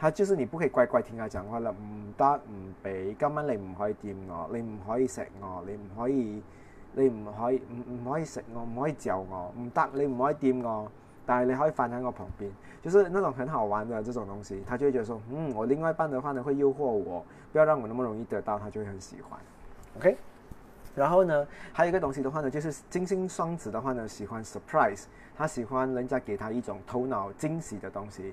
佢就是你不可以乖乖聽佢講話啦，唔得唔俾，今晚你唔可以掂我，你唔可以食我，你唔可以，你唔可以唔唔可以食我，唔可以嚼我，唔得你唔可以掂我，但係你可以放喺我旁邊，就是嗰種很好玩嘅這種東西，佢就會覺得說，嗯，我另外一半嘅話呢會誘惑我，不要讓我那麼容易得到，佢就會很喜歡。OK，然後呢，還有一個東西嘅話呢，就是金星雙子嘅話呢，喜歡 surprise，他喜歡人家給他一種頭腦驚喜嘅東西。